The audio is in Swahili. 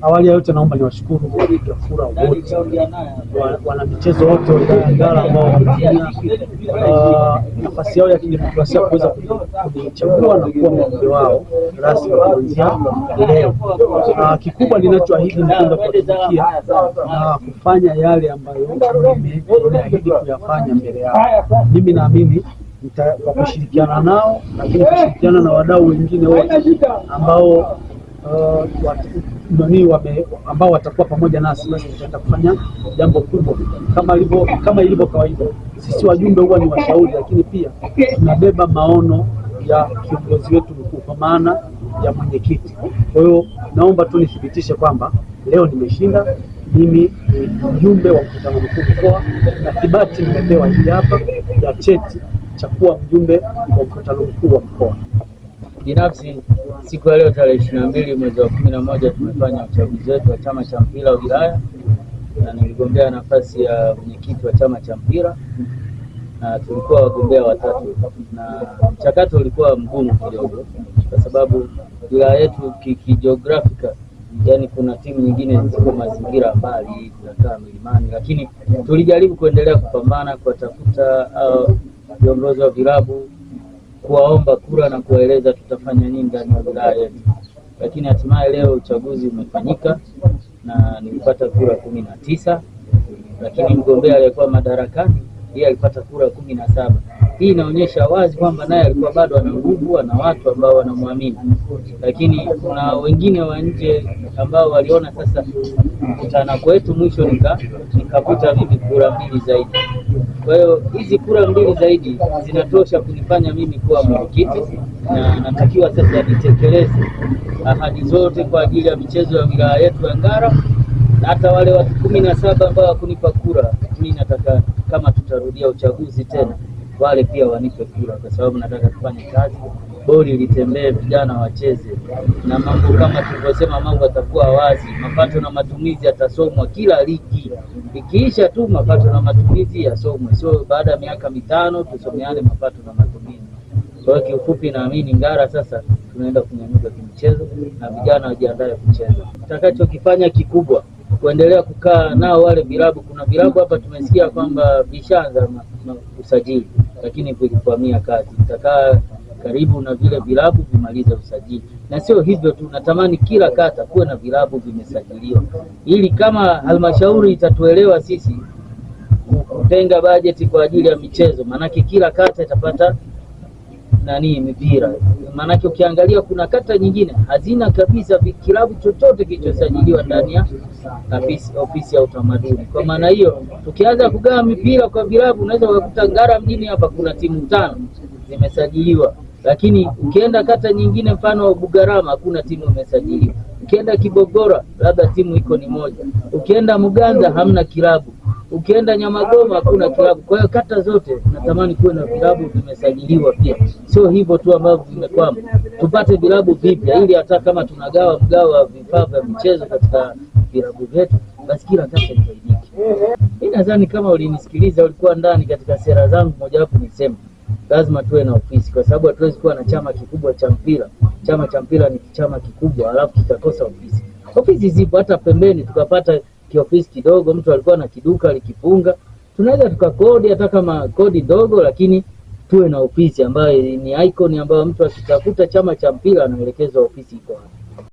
Awali ya yote naomba niwashukuru wapiga kura wote, wana michezo wote wa wilaya Ngara ambao wametumia uh, nafasi yao ya kidemokrasia kuweza kunichagua na kuwa mbunge wao rasmi kuanzia leo. Uh, kikubwa ninachoahidi ni kwenda kuwatumikia na kufanya yale ambayo nimeahidi kuyafanya mbele yao. Mimi naamini kwa kushirikiana nao, lakini kushirikiana na wadau wengine wote ambao uh, mno hii ambao watakuwa pamoja nasi, basi tutaenda kufanya jambo kubwa kama ilivyo kama ilivyo kawaida. Sisi wajumbe huwa ni washauri, lakini pia tunabeba maono ya kiongozi wetu mkuu kwa maana ya mwenyekiti. Kwa hiyo naomba tu nithibitishe kwamba leo nimeshinda mimi ni mjumbe wa mkutano mkuu mkoa, na kibati nimepewa hii hapa ya cheti cha kuwa mjumbe wa mkutano mkuu wa mkoa. Binafsi, siku ya leo tarehe ishirini na mbili mwezi wa kumi na moja tumefanya uchaguzi wetu wa chama cha mpira wa wilaya na niligombea nafasi ya mwenyekiti wa chama cha mpira na tulikuwa wagombea watatu, na mchakato ulikuwa mgumu kidogo, kwa sababu wilaya yetu kijiografika yani kuna timu nyingine ziko mazingira mbali zinakaa milimani, lakini tulijaribu kuendelea kupambana kuwatafuta uh, viongozi wa vilabu kuwaomba kura na kuwaeleza tutafanya nini ndani ya wilaya yetu, lakini hatimaye leo uchaguzi umefanyika na nilipata kura kumi na tisa, lakini mgombea aliyekuwa madarakani yeye alipata kura kumi na saba. Hii inaonyesha wazi kwamba naye alikuwa bado ana nguvu, na watu ambao wanamwamini, lakini kuna wengine wa nje ambao waliona sasa kukutana kwetu mwisho nikakuta mimi kura mbili zaidi. Kwa hiyo hizi kura mbili zaidi zinatosha kunifanya mimi kuwa mwenyekiti, na natakiwa sasa nitekeleze ahadi zote kwa ajili ya michezo ya wilaya yetu ya Ngara na hata wale watu kumi na saba ambao wakunipa kura, mimi nataka kama tutarudia uchaguzi tena wale pia wanipe kura, kwa sababu nataka tufanye kazi, bodi litembee, vijana wacheze, na mambo kama tulivyosema, mambo yatakuwa wazi, mapato na matumizi yatasomwa kila ligi ikiisha tu, mapato na matumizi yasomwe, sio baada ya miaka mitano tusomeane mapato na matumizi. Kwa hiyo kiufupi, naamini Ngara sasa tunaenda kunyanyuka kimchezo, na vijana wajiandae kucheza. Tutakachokifanya kikubwa kuendelea kukaa nao wale vilabu. Kuna vilabu hapa tumesikia kwamba vishaanza usajili lakini vilikwamia kazi nitakaa karibu na vile vilabu vimaliza usajili. Na sio hivyo tu, natamani kila kata kuwe na vilabu vimesajiliwa, ili kama halmashauri itatuelewa sisi kutenga bajeti kwa ajili ya michezo, maanake kila kata itapata nani mipira. Maanake ukiangalia kuna kata nyingine hazina kabisa kilabu chochote kilichosajiliwa ndani ya ofisi ya utamaduni. Kwa maana hiyo, tukianza kugawa mipira kwa vilabu, unaweza ukakuta Ngara mjini hapa kuna timu tano zimesajiliwa, lakini ukienda kata nyingine, mfano Bugarama, hakuna timu imesajiliwa. Ukienda Kibogora, labda timu iko ni moja. Ukienda Muganza, hamna kilabu ukienda Nyamagoma hakuna kilabu. Kwa hiyo kata zote natamani kuwe na vilabu vimesajiliwa pia, sio hivyo tu ambavyo vimekwama. Tupate vilabu vipya, ili hata kama tunagawa mgao wa vifaa vya michezo katika vilabu vyetu, basi kila kata ifaidike. Mi nadhani kama ulinisikiliza, ulikuwa ndani katika sera zangu, mojawapo nisema lazima tuwe na ofisi, kwa sababu hatuwezi kuwa na chama kikubwa cha mpira. Chama cha mpira ni chama kikubwa, alafu kikakosa ofisi. Ofisi zipo hata pembeni, tukapata kiofisi kidogo, mtu alikuwa na kiduka alikifunga, tunaweza tukakodi hata kama kodi dogo, lakini tuwe na ofisi ambayo ni icon ambayo mtu akitafuta chama cha mpira anaelekezwa ofisi iko